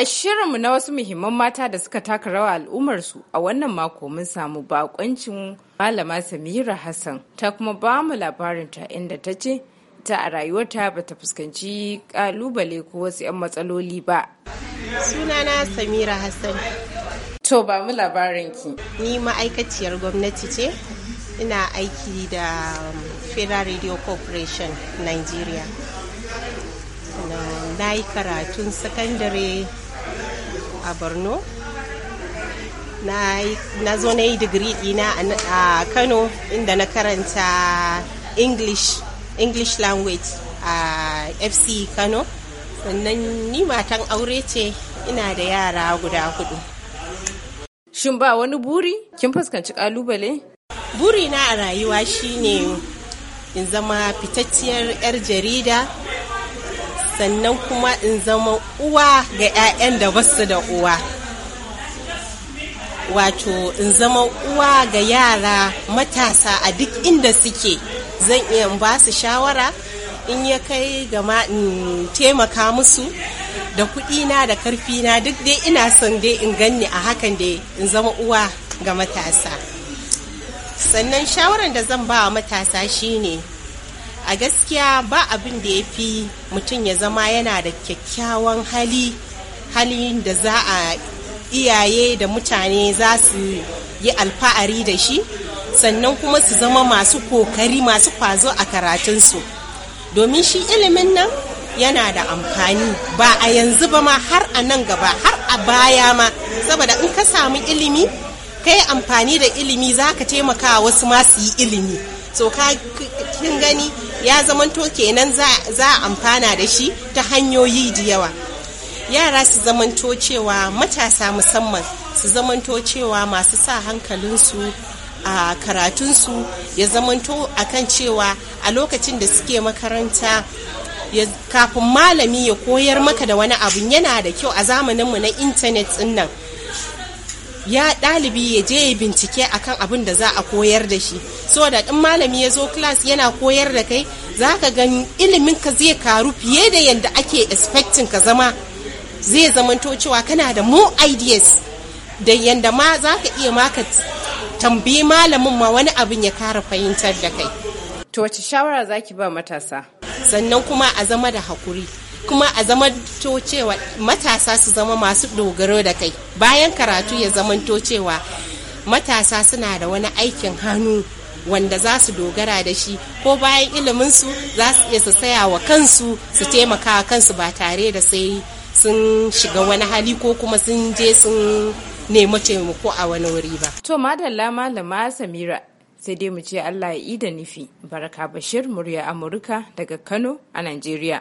A shirinmu na wasu muhimman mata da suka taka rawa al'ummarsu a wannan mako mun samu bakoncin malama Samira Hassan ta kuma ba mu labarinta inda ta ce ta a rayuwarta ba ta fuskanci kalubale ko wasu 'yan matsaloli ba. Sunana Samira Hassan. To ba mu ki. Ni ma'aikaciyar gwamnati ce, ina aiki da Federal Radio Corporation Nigeria. na yi karatun sakandare a borno na zo na yi digiri dina a kano inda na karanta english english language a fc kano sannan ni matan aure ce ina da yara guda hudu shin ba wani buri kin fuskanci kalubale na a rayuwa shine in zama fitacciyar 'yar jarida sannan kuma in zama uwa ga 'ya'yan da su da uwa wato in zama uwa ga yara matasa a duk inda suke zan iya ba su shawara in ya kai gama in taimaka musu da kuɗina da karfina duk dai ina son dai in ganni a hakan dai in zama uwa ga matasa sannan shawaran da zan ba wa matasa shine a gaskiya ba abin da ya fi mutum ya zama yana da kyakkyawan hali halin da za a iyaye da mutane za su yi alfa'ari da shi sannan kuma su zama masu kokari masu kwazo a karatunsu domin shi ilimin nan yana da amfani ba a yanzu ba ma har a nan gaba har a baya ma saboda in ka samu ilimi ka yi amfani da ilimi za ka taimaka wasu masu yi ilimi so ka kin gani ya zamanto kenan za a amfana da shi ta hanyoyi da yawa yara su zamanto cewa matasa musamman su zamanto cewa masu sa hankalinsu a karatunsu ya zamanto kan cewa a lokacin da suke makaranta kafin malami ya koyar maka da wani abu yana da kyau a zamaninmu na intanet nan ya ɗalibi ya je ya bincike akan abin da za a koyar da shi saboda ɗin malami ya zo class yana koyar da kai za ka gani ilimin ka zai karu fiye da yadda ake expecting ka zama zai zamanto cewa kana da more ideas da yadda ma za ka iya maka tambayi malamin ma wani abin ya kara fahimtar da kai to wace shawara za ki ba matasa sannan kuma a zama da hakuri kuma a zama cewa matasa su zama masu dogaro da kai bayan karatu ya zamanto cewa matasa suna da wani aikin hannu wanda za su dogara da shi ko bayan iliminsu za su iya su saya wa kansu su taimaka kansu ba tare da sai sun shiga wani hali ko kuma sun je sun nemi taimako a wani wuri ba. To madalla malama Samira sai dai mu ce Allah ya ida nufi. Baraka Bashir murya Amurka daga Kano a Najeriya.